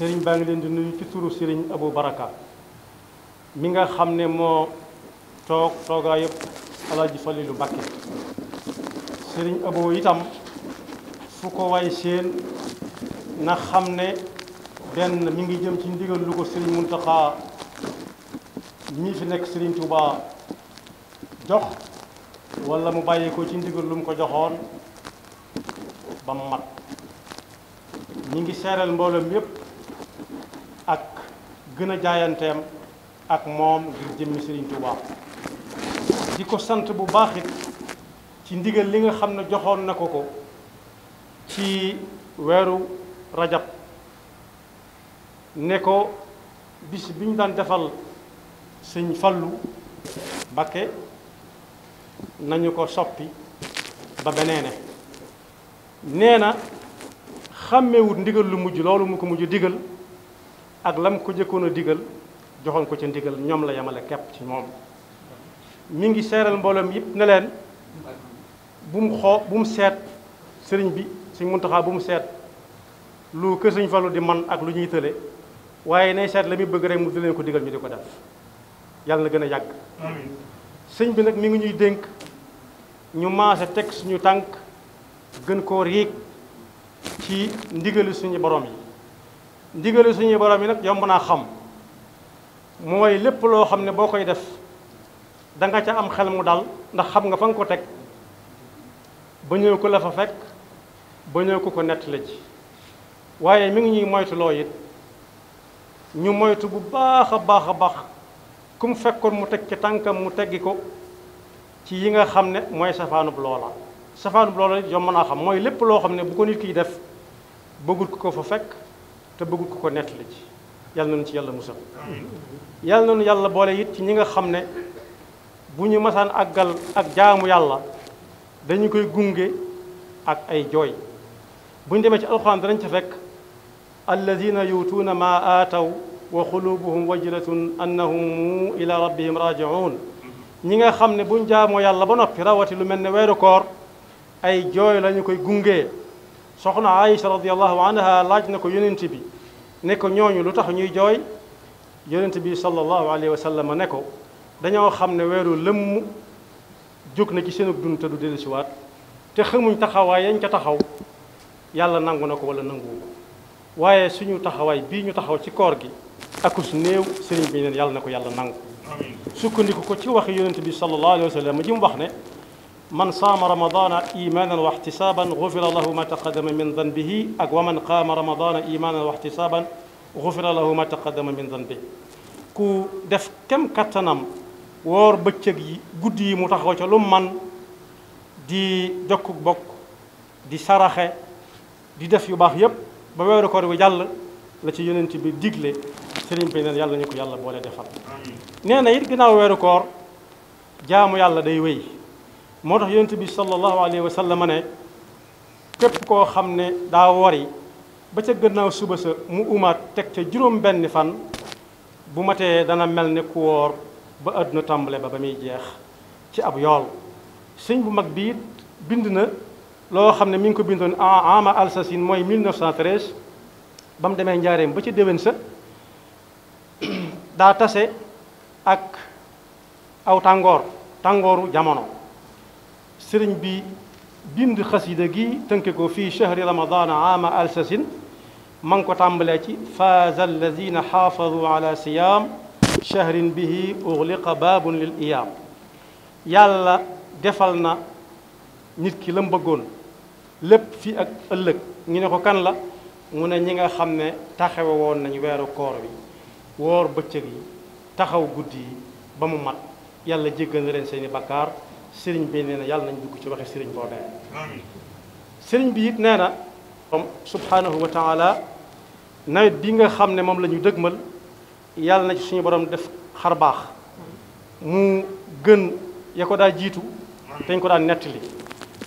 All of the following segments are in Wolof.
sëriñ baa ngi leen di nuyu ci turu sëriñ Abu Baraka mi nga xam ne moo toog toogaa yëpp alaaji lu Mbàkke sëriñ Abu itam fu ko way seen na xam ne benn mi ngi jëm ci ndigal lu ko sëriñ Muntaxa mii fi nekk sëriñ Tuuba jox walla mu bàyyi ko ci ndigal lu mu ko joxoon ba mu mat mi ngi seeral mboolem yépp gën a jaayanteem ak moom ngir jëmmi Serigne Touba di ko sant bu baax it ci ndigal li nga xam ne joxoon na ko ko ci weeru rajab ne ko bis bi ñu daan defal sëñ Fallu Mbakke nañu ko soppi ba beneene nee na xàmmewut ndigal lu mujj loolu mu ko mujj digal ak lam ko jëkkoon digal joxoon ko ci ndigal ñoom la yamale kepp ci moom mi ngi seeral mbooloom yëpp ne leen bu mu xoo bu seet sëriñ bi sëñ Muntaxa bu mu seet lu kër sëñ Fallu di man ak lu ñuy tële waaye nay seet la muy bëgg rek mu di ko digal ñu di ko def yàlla na gën a yàgg sëñ bi nag mi ngi ñuy dénk ñu maase teg suñu tànk gën koo riig ci ndigali suñu borom yi ndigali suñuy borom yi nag yomb naa xam mooy lépp loo xam ne boo koy def danga ca am xel mu daal ndax xam nga fa nga ko teg ba ko la fa fekk ba ko ko ko la ji waaye mi ngi ñuy moytu loo it ñu moytu bu baax a baax a baax ku mu fekkoon mu teg ca tànkam mu teggi ko ci yi nga xam ne mooy safaanub loola safaanub loola it yomb naa xam mooy lépp loo xam ne bu ko nit kiy def bëggul ko ko fa fekk te bëggul ko ko nettali ci yàlla ci yàlla musal yàlla nañu yàlla boole it ci ñi nga xam ne bu ñu ak àggal ak jaamu yàlla dañu koy gunge ak ay jooy bu ñu demee ci alxuraan danañ ci fekk alladina yuutuuna ma aataw wa xulubuhum wajilatun annahum ila rabbihim rajiun ñi nga xam ne buñ jaamoo yàlla ba noppi rawati lu mel ne weeru koor ay jooy lañu koy gungee soxna Aïcha radiallahu anha laaj na ko yonent bi ne ko ñooñu lu tax ñuy jooy yonent bi sallallahu alayhi wa sallam ne ko dañoo xam ne weeru lëmm jóg na ci seenub dund te du dellusiwaat te xamuñ taxawaay yañ ca taxaw yàlla nangu na ko wala nanguwu ko waaye suñu taxawaay bii ñu taxaw ci koor gi akus néew sëriñ bi neen yàlla na ko yàlla nangu sukkandiku ko ci waxi yonent bi sallallahu alayhi wa sallam ji wax ne man saama ramadana imanan wa ihtisaban gufira lahu ma taqaddama min danbihi ak wa man qaama ramadana imanan wa ihtisaban gufira lahu ma taqaddama min danbihi ku def kem kattanam woor bëccëg yi guddi yi mu taxaw ca lu man di jokku bokk di saraxe di def yu baax yépp ba weeru koor bi jàll la ci yonent bi digle sëriñ bi neen yàlla ñu ko yàlla boole defal nee na it ginnaaw weeru koor jaamu yàlla day wéy moo tax yonent bi sallallahu alayhi wa sallam ne képp koo xam ne daa wari ba ca gannaaw suba sa mu umaat teg ca juróom benn fan bu matee dana mel ni ku woor ba àdduna tàmbale ba ba muy jeex ci ab yool sëñ bu mag bi bind na loo xam ne mu ngi ko bindoon ama alsasine mooy 1913 ba mu demee njaareem ba ca déwén sa daa tase ak aw tàngoor tàngooru jamono sëriñ bi bind xasida gi tënke ko fii chahri ramadana alsasin ma ngi ko tàmbalee ci faaza alladina xaafadu ala siyaam chahrin bihi ugliqa baabun lil iyaam yàlla defal na nit ki la bëggoon lépp fii ak ëllëg ñu ne ko kan la mu ne ñi nga xam ne taxawe woon nañu weeru koor wi woor bëccëg yi taxaw guddi yi ba mu mat yàlla jéggal na leen seeni bakaar sëriñ bi nee na yàlla nañ dugg ci waxe sëriñ boo nee sëriñ bi it nee na moom subhanahu wa taala nawet bi nga xam ne moom la ñu dëgmal yàlla na ci suñu borom def xar baax mu gën ya ko daa jiitu dañ ko daan nettali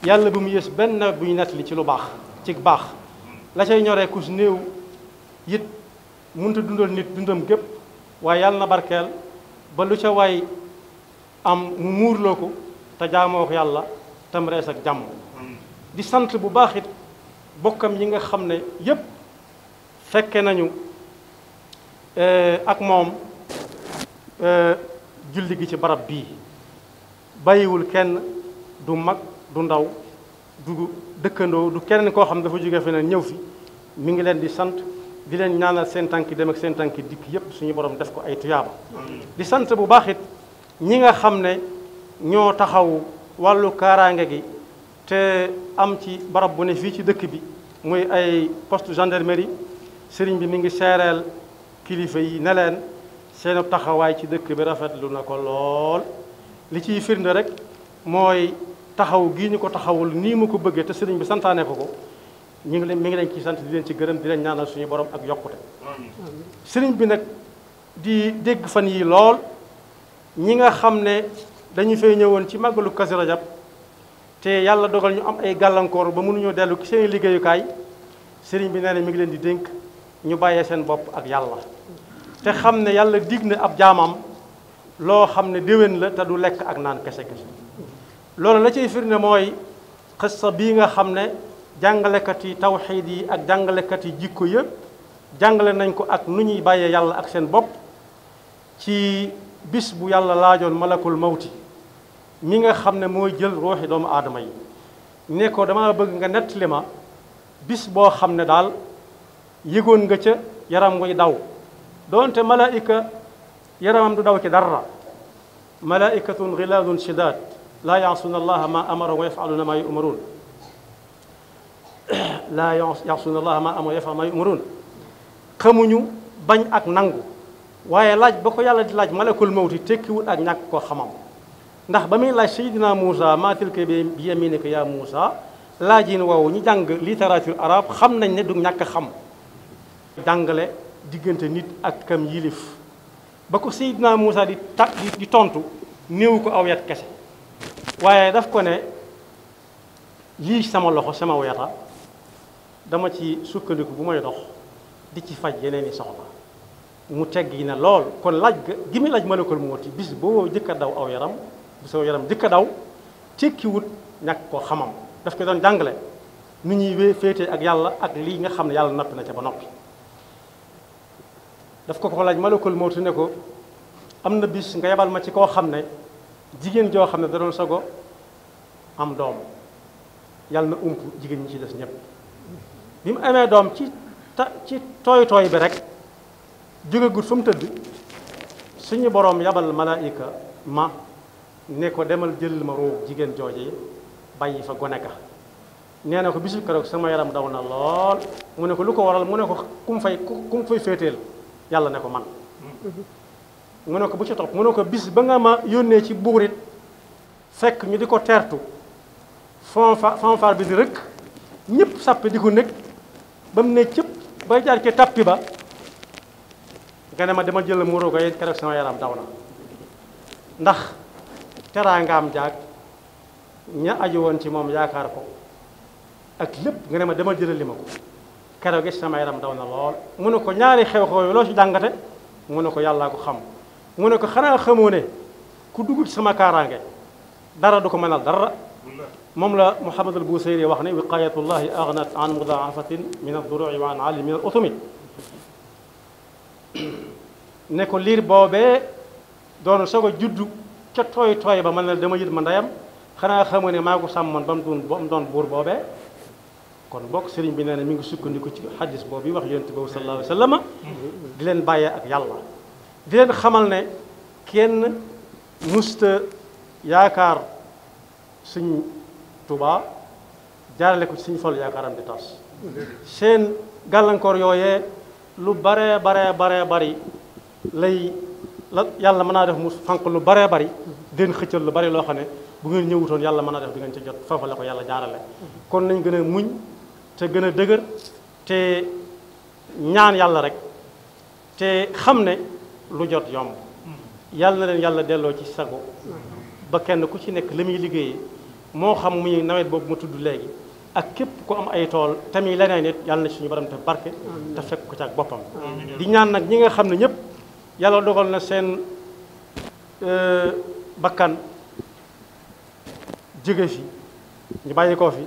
yàlla bu mu yées benn nawet bu ñu nettali ci lu baax ci baax la cay ñoree kus néew it mënut a dundal nit dundam gépp waaye yàlla na barkeel ba lu ca waay am mu loo ko te jaamoo ko yàlla tam rees ak jàmm di sant bu baax it bokkam yi nga xam ne yépp fekke nañu eh, ak moom eh, julli gi ci barab bii bàyyiwul kenn du mag du ndaw du dëkkandoo du keneen koo xam dafa jóge feneen ñëw fi mu ngi leen di sant di leen ñaanal seen tànki dem ak seen tànki dikk yépp suñu borom def ko ay tuyaaba di sant bu baax ñi nga xam ne ñoo taxaw wàllu kaaraange gi te am ci barab bu ne fii ci dëkk bi muy ay poste gendarmerie sëriñ bi mi ngi seereel kilifa yi ne leen seeni taxawaay ci dëkk bi rafetlu na ko lool li ciy firnde rek mooy taxaw gii ñu ko taxawul nii mu ko bëggee te sëriñ bi santaanee ko ko ñu ngi leen mi ngi leen ci sant di leen ci gërëm di leen ñaanal suñu borom ak yokkute sëriñ bi nag di dégg fan yi lool ñi nga xam ne dañu fay ñëwoon ci màggalu Kazu Rajab te yàlla dogal ñu am ay gàllankoor ba mënuñoo dellu ci seen liggéeyukaay sëriñ bi nee na mi ngi leen di dénk ñu bàyyee seen bopp ak yàlla te xam ne yàlla digg na ab jaamam loo xam ne déwén la te du lekk ak naan kese kese loolu la ciy firnde mooy xissa bii nga xam ne jàngalekat yi tawxiid yi ak jàngalekat yi jikko yëpp jàngale nañ ko ak nu ñuy bàyyee yàlla ak seen bopp ci bis bu yàlla laajoon malakul mawti mi nga xam ne mooy jël ruuxi doomu aadama yi ne ko dama bëgg nga nettali ma bis boo xam ne daal yëgoon nga ca yaram nguy daw doonte malaayika yaramam du daw ci dara malaayikatun gilaadun shidaad laa yaasuuna allaha ma amara wa yafaluuna maa yumaruun laa yaasuuna allaha ma amara wa yafaluuna maa yumaruun xamuñu bañ ak nangu waaye laaj ba ko yàlla di laaj malakul mawti tekkiwul ak ñàkk koo xamam ndax ba muy laaj Seydina Moussa maa tilka bi yaminika yaa Moussa laajin wow ñu jàng littérature arabe xam nañ ne du ñàkk xam jàngale diggante nit ak kam yilif ba ko Seydina Moussa di ta di tontu néew ko aw yat kese waaye daf ko ne lii sama loxo sama weta dama ci sukkandiku bu may dox di ci faj yeneen i soxla mu teg teggi ne lool kon laaj gi mu laaj malakul mawti bis boo jëkk a daw aw yaram bu soo yaram dikka daw tekkiwut ñàkk ko xamam daf ko doon jàngale nu ñuy wee féete ak yàlla ak lii nga xam ne yàlla noppi na ca ba noppi daf ko ko laaj ma malakul mawtu ne ko am na bis nga yabal ma ci koo xam ne jigéen joo xam ne da doon sogo am doom yàlla na ump jigéen ñi ci des ñëpp bi mu amee doom ci ta ci tooy tooy bi rek jóge gut fa mu tëdd suñu boroom yabal malaayika ma ne ko demal jël ma ruug jigéen jooje bàyyi fa gone ka nee na ko bisu keroog sama yaram daw na lool mu ne ko lu ko waral mu ne ko ku mu fay ku mu fay féeteel yàlla ne ko man mu ne ko bu ci topp mu ne ko bis ba nga ma yónnee ci buurit fekk ñu di ko teertu fanfa fanfar bi di rëkk ñëpp sàppi di ko nekk ba mu ne cëpp bay jaar ci tappi ba nga ne ma dama jël mu ruuga yéen keroog sama yaram daw na ndax teraangaam jaag ña aju woon ci moom yaakaar ko ak lépp nga ne ma dama jëlali ma ko keroog sama yaram daw na lool mu ne ko ñaari xew xew loo ci jàngate mu ne ko yàllaa ko xam mu ne ko xanaa xamoo ne ku dugg ci sama kaaraange dara du ko mënal dara moom la Muhammad al Busayri wax ne wiqayatullahi aghnat an mudaafatin min ad-duru'i wa an ali min al-utumi ne ko liir boobee doon soog juddu ca tooy tooy ba ma la dama yit ma ndeyam xanaa xam nga ne maa ko sàmmoon ba mu doon ba mu doon buur boobee kon bokk sëriñ bi nee na mi ngi sukkandiku ci xadis boobu wax yonent boobu sallallahu alayhi wa sallam di leen bàyyee ak yàlla di leen xamal ne kenn musta yaakaar suñ Tuubaa jaarale ko ci suñu fol yaakaaram di tas seen gàllankoor yooyee lu bare baree baree bari lay la yàlla mën naa def mu fànq lu bare bari den xëccal lu bari loo xam ne bu ngeen ñëwutoon yàlla mën naa def di ngeen ci jot foofa la ko yàlla jaarale kon nañ gën a muñ te gën a dëgër te ñaan yàlla rek te xam ne lu jot yomb yàlla na leen yàlla delloo ci sago ba kenn ku ci nekk li muy liggéeyee moo xam muy nawet boobu ma tudd léegi ak képp ku am ay tool tamit leneen it yàlla na suñu borom te barke te fekk ko ci ak boppam di ñaan nag ñi nga xam ne ñëpp yàlla dogal na seen euh, bakkan jóge fi ñu bàyyi koo fi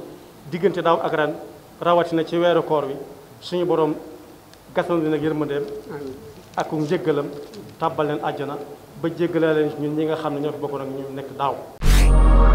diggante daaw ak ren rawatina ci weeru koor wi suñu borom gasal na nag yërmandeem ak njëggalam tàbbal leen àjjana ba jéggalaa leen ñun ñi nga xam ne ñoo fi bokkoon ak ñu nekk daaw